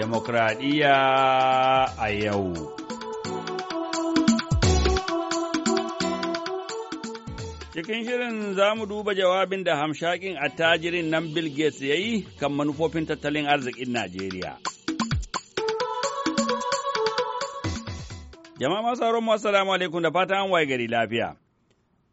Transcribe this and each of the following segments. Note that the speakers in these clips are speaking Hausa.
Demokradiyya a yau. Cikin shirin za mu duba jawabin da hamshakin attajirin nan Bill Gates ya yi kan manufofin tattalin arzikin Najeriya. Jama'a masu masu alaikum da fatan waye gari lafiya.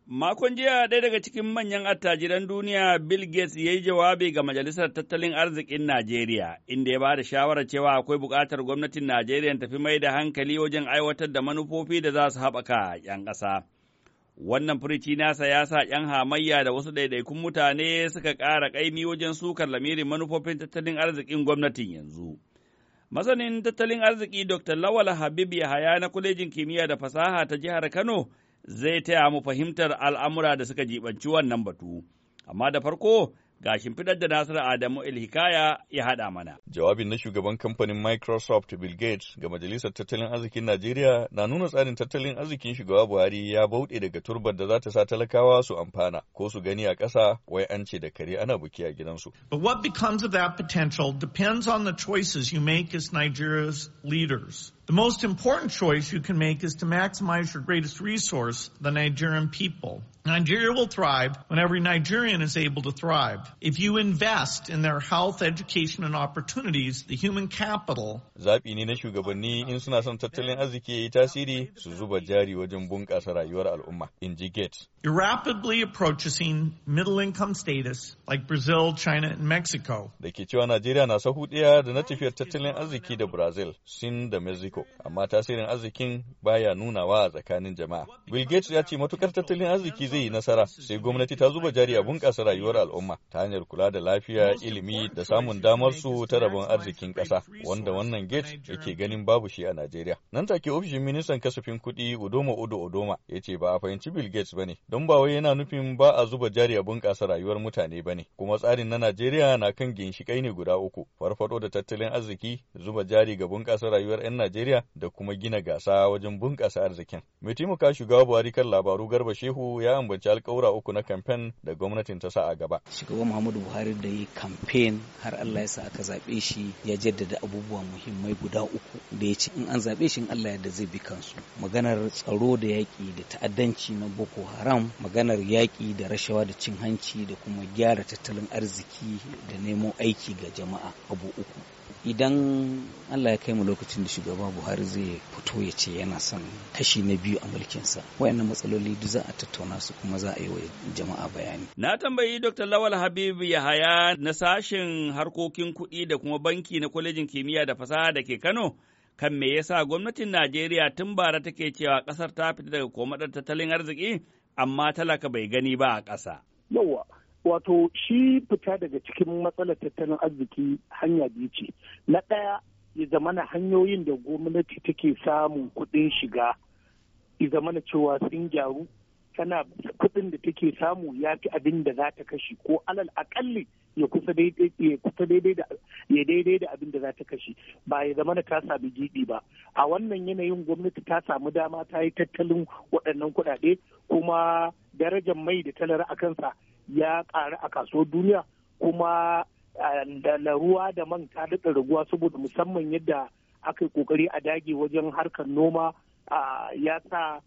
Makon jiya ɗaya daga cikin manyan attajiran duniya Bill Gates ya yi jawabi ga Majalisar Tattalin Arzikin Najeriya, inda ya ba da shawarar cewa akwai buƙatar gwamnatin Najeriya tafi mai da hankali wajen aiwatar da manufofi da za su haɓaka 'yan ƙasa. Wannan furici nasa ya sa 'yan hamayya da wasu ɗaiɗaikun mutane suka ƙara ƙaimi wajen sukar lamirin manufofin tattalin arzikin gwamnatin yanzu. Masanin tattalin arziki Dr. Lawal Habib Yahaya na Kwalejin Kimiyya da Fasaha ta Jihar Kano zai taya mu fahimtar al'amura da suka jibanci wannan batu. Amma da farko ga shimfiɗar da Nasiru Adamu Ilhikaya ya haɗa mana. Jawabin na shugaban kamfanin Microsoft Bill Gates ga Majalisar Tattalin Arzikin Najeriya na nuna tsarin tattalin arzikin shugaba Buhari ya bauɗe daga turbar da za ta sa talakawa su amfana ko su gani a ƙasa wai an ce da kare ana buki a gidansu. But what becomes of that potential depends on the choices you make as Nigeria's leaders. The most important choice you can make is to maximize your greatest resource, the Nigerian people. Nigeria will thrive when every Nigerian is able to thrive. If you invest in their health, education, and opportunities, the human capital. ne na shugabanni in suna son tattalin arziki ya yi tasiri su zuba jari wajen bunƙasa rayuwar al'umma, in ji Gates. You're rapidly approaching middle income status like Brazil, China, and Mexico. Da ke cewa Najeriya na sahu ɗaya da na tafiyar tattalin arziki da Brazil, Sin da Mexico. Mexico, amma tasirin arzikin baya nunawa a tsakanin jama'a. Bill Gates ya ce matukar tattalin arziki zai yi nasara sai gwamnati ta zuba jari a bunƙasa rayuwar al'umma ta hanyar kula da lafiya, ilimi da samun damar su ta rabon arzikin ƙasa, wanda wannan Gates yake ganin babu shi a Najeriya. Nan take ofishin ministan kasafin kuɗi Udoma Udo Udoma ya ce ba a fahimci Bill Gates bane, don ba wai yana nufin ba a zuba jari a bunƙasa rayuwar mutane ba ne. kuma tsarin na Najeriya na kan ginshiƙai ne guda uku, farfaɗo da tattalin arziki, zuba jari ga bunƙasa rayuwar 'yan Najeriya Najeriya da kuma gina gasa wajen bunƙasa arzikin. Mai taimaka shugaba Buhari kan labaru Garba Shehu ya ambaci alƙawura uku na kamfen da gwamnatin ta sa a gaba. Shugaba Muhammadu Buhari da yi kamfen har Allah ya sa aka zaɓe shi ya jaddada abubuwa muhimmai guda uku da ya ce in an zaɓe shi in Allah ya da zai bi kansu. Maganar tsaro da yaƙi da ta'addanci na Boko Haram, maganar yaƙi da rashawa da cin hanci da kuma gyara tattalin arziki da nemo aiki ga jama'a abu uku. idan Allah ya kai mu lokacin da shugaba Buhari zai fito ya ce yana son kashi na biyu a mulkinsa wayannan matsaloli duk za a tattauna su kuma za a yi wa jama'a bayani na tambayi Dr. Lawal Habib Yahaya na sashen harkokin kuɗi da kuma banki na kwalejin kimiyya da fasaha da ke Kano kan me yasa gwamnatin Najeriya tun bara take cewa ƙasar ta fita daga komadar tattalin arziki amma talaka bai gani ba a ƙasa. Yawwa, wato shi fita daga cikin matsalar tattalin arziki hanya biyu ce na ɗaya ya zamana hanyoyin da gwamnati take samun kuɗin shiga ya zamana cewa sun gyaru tana kuɗin da take samu ya fi abin da za ta kashe ko alal akalli ya kusa daidai da abin da za ta kashe ba ya zamana ta sami giɗi ba a wannan yanayin gwamnati ta samu dama ta yi tattalin waɗannan kuɗaɗe kuma darajar mai da talar a kansa ya ƙaru a kasuwar duniya kuma eh, da ruwa da man ta daɗa raguwa saboda musamman yadda aka yi ƙoƙari a dage wajen harkar noma ya sa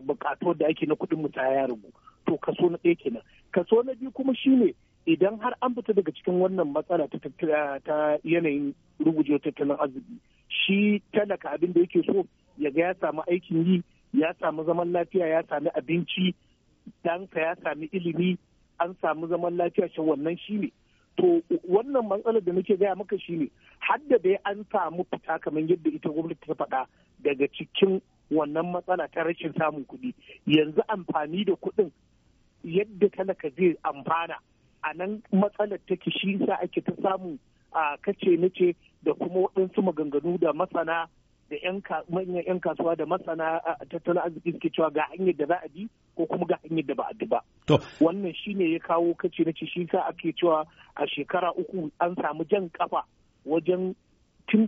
buƙatuwar da ake na kuɗin ta ya ragu to kaso na ɗaya kenan kaso na biyu kuma shine idan har an fita daga cikin wannan matsala ta yanayin ruguje tattalin arziki shi talaka abin da yake so ya ga ya samu aikin yi ya samu zaman lafiya ya sami abinci ɗansa ya sami ilimi an samu zaman lafiya shi wannan shi ne to wannan matsalar da nake gaya maka shi ne hadda an samu fita kamar yadda ita gwamnati ta faɗa daga cikin wannan matsala ta rashin samun kuɗi yanzu amfani da kuɗin yadda talaka zai amfana a nan matsalar take shi sa ake ta samu a kace nace da kuma waɗansu maganganu da masana da manyan 'yan kasuwa da masana tattalin arziki suke cewa ga hanyar da za a bi ko kuma ga hanyar da ba a bi ba. wannan shine ya kawo kace na shi sa ake cewa a shekara uku an samu jan kafa wajen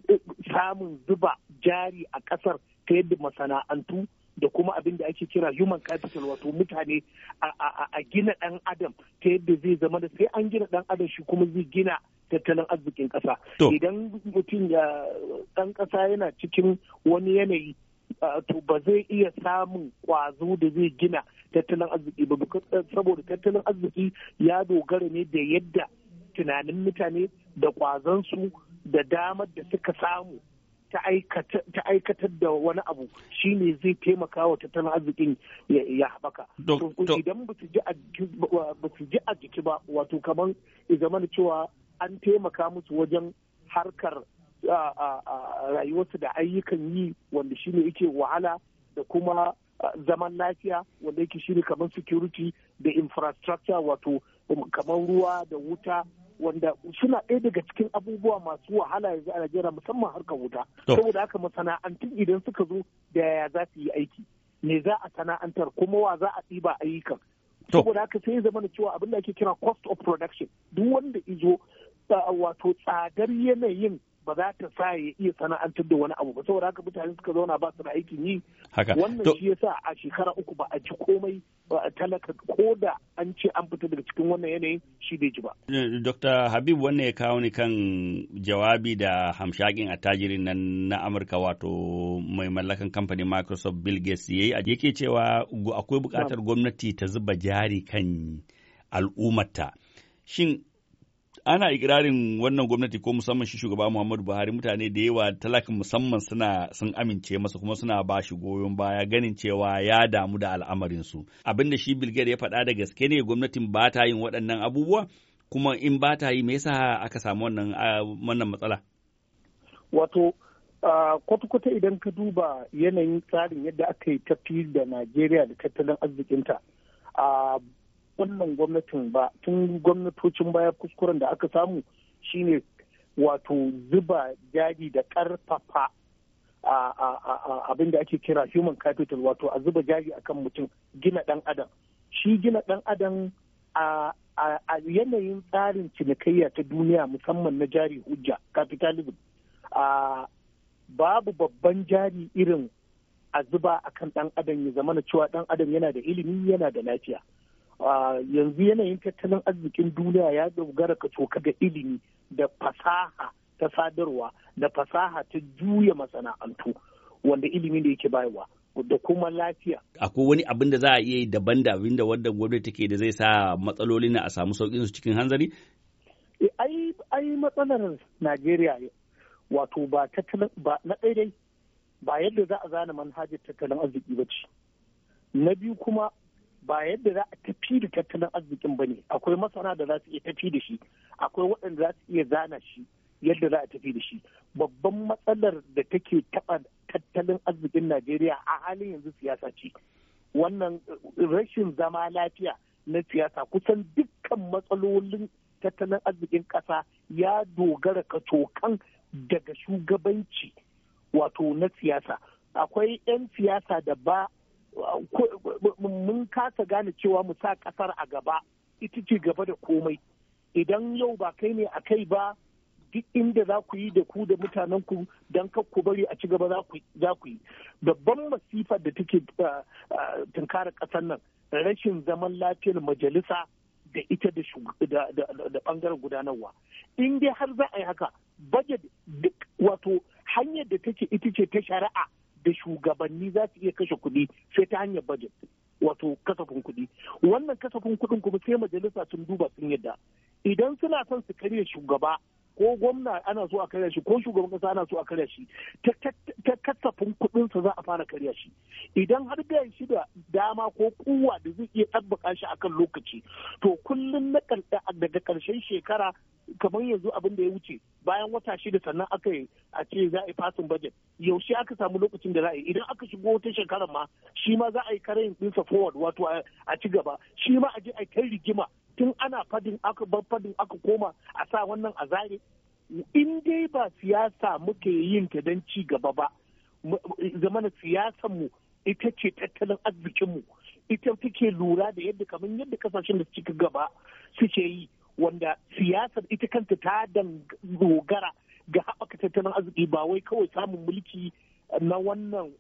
eh, samun zuba jari a kasar ta yadda masana'antu da kuma abin da ake kira human capital wato mutane a gina dan adam ta yadda zai zama da sai an gina dan adam shi kuma zai gina tattalin arzikin kasa idan mutum ya dan kasa yana cikin wani yanayi to ba zai iya samun kwazo da zai gina tattalin arziki ba eh, saboda tattalin arziki ya dogara ne da yadda tunanin mutane da kwazansu da damar da suka samu ta aikatar da wani abu shine zai taimaka wa tattalin arzikin ya haɓaka. Idan ba su ji a jiki ba wato kamar da cewa an taimaka musu wajen harkar rayuwarsu da ayyukan yi wanda shine ne yake wahala da kuma zaman lafiya wanda yake shine kamar security da infrastructure wato um, kamar ruwa da wuta wanda suna ɗaya daga cikin abubuwa masu wahala yanzu a Najeriya musamman harkar wuta. Saboda haka masana'antun idan suka zo da yaya za su yi aiki, me za a sana'antar kuma wa za a tsiba ayyukan. Saboda haka sai zama da cewa abin da ake kira cost of production duk wanda izo uh, wato tsadar yanayin ba za ta sa ya iya sana'antar da wani abu ba saboda haka mutane suka zauna ba su da aikin yi wannan shi yasa a shekara uku ba a ci komai talaka ko da an ce an fita daga cikin wannan yanayin shi bai ji ba. Eh, Dr. Habib wannan ya kawo ni kan jawabi da hamshakin tajirin nan na Amurka wato mai mallakan kamfanin Microsoft Bill Gates yayi yake cewa akwai bukatar gwamnati ta zuba jari kan al'ummata. Shin ana ikirarin wannan gwamnati ko musamman shi shugaba Muhammadu Buhari mutane da yawa talakin musamman suna sun amince masa kuma suna ba shi goyon baya ganin cewa ya damu da al'amarin su abinda shi Bilger ya faɗa da gaske ne gwamnatin ba ta yin waɗannan abubuwa kuma in ba ta yi me yasa aka samu wannan wannan matsala wato kwata-kwata idan ka duba yanayin tsarin yadda aka yi tafi da Najeriya da tattalin arzikinta wannan gwamnatin ba tun gwamnatocin baya kuskuren da aka samu shine wato zuba jari da karfafa abin da ake kira human capital wato a zuba jari akan mutum gina dan adam shi gina dan adam a yanayin tsarin cinikayya ta duniya musamman na jari hujja capitalism babu babban jari irin a zuba akan dan adam ya zamana cewa dan adam yana da ilimi yana da lafiya yanzu yanayin tattalin arzikin duniya ya dogara ka tsoka ga ilimi da fasaha ta sadarwa da fasaha ta juya masana'antu wanda ilimi da yake bayarwa da kuma lafiya. Akwai wani abin da za a iya yi daban da abin da wadda gwamnati take da zai sa matsaloli na a samu sauƙin su cikin hanzari? Eh, ai, ai matsalar Najeriya wato ba tattalin ba na ɗaya dai ba yadda za a gane manhajar tattalin arziki ba ce. Na biyu kuma ba yadda za a tafi da tattalin arzikin ba ne akwai masana da za su iya tafi da shi akwai waɗanda za su iya zana shi yadda za a tafi da shi babban matsalar da take taɓa tattalin arzikin najeriya a halin yanzu siyasa ce wannan eh, rashin zama lafiya na siyasa kusan dukkan matsalolin tattalin arzikin ƙasa ya dogara kacokan daga shugabanci wato na siyasa akwai 'yan siyasa da ba mun kasa gane cewa mu sa kasar a gaba ita ce gaba da komai idan yau ba kai ne a kai ba duk inda za ku yi da ku da mutanen ku don ku bari a ci gaba za ku yi babban masifar da take uh, uh, tunkara kasar nan rashin zaman lafiyar majalisa da ita da bangaren gudanarwa in dai har za a yi haka budget duk wato hanyar da take ita ce ta shari'a da shugabanni za su iya kashe kuɗi sai ta hanyar budget wato kasafin kuɗi wannan kasafin kuɗin kuma sai majalisa sun duba sun yadda idan suna son su karya shugaba ko gwamna ana so a karya shi ko shugaban kasa ana so a karya shi ta kasafin kuɗinsa za a fara karya shi idan har da shi da dama ko kuwa da zai iya ɗabbaka shi akan lokaci to kullum na daga ƙarshen shekara kamar yanzu abin da ya wuce bayan wata shida sannan aka yi a ce za a yi fasin budget yaushe aka samu lokacin da za a yi idan aka shigo wata shekarar ma shi ma za a yi karayin ɗinsa forward wato a ci gaba shi ma a je a kai rigima tun ana fadin aka bar fadin aka koma a sa wannan a zare in dai ba siyasa muke yin ta don ci gaba ba zamana siyasar mu ita ce tattalin arzikin mu ita take lura da yadda kamar yadda kasashen da suke gaba suke yi wanda siyasar ita kanta ta dogara ga haɓaka tattalin arziki ba wai kawai samun mulki na wannan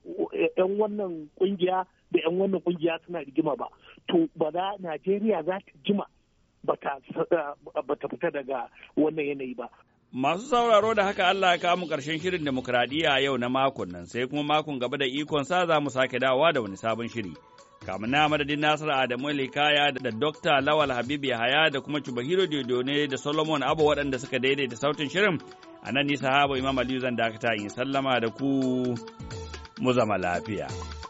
yan wannan kungiya da yan wannan kungiya suna rigima ba to ba za Najeriya za ta jima Eh, bata fita daga wannan yanayi ba. Masu sauraro da haka Allah ya kamu ƙarshen shirin demokradiyya yau na makon nan sai kuma makon gaba da ikon sa za mu sake dawowa da wani sabon shiri. Kamun na madadin Nasir Adamu Likaya da Dokta Lawal Habib Yahaya da kuma Cibahiro Dodone da Solomon Abu waɗanda suka daidaita sautin shirin. A nan ni sahaba Imam Aliyu zan dakata in sallama da ku mu zama lafiya.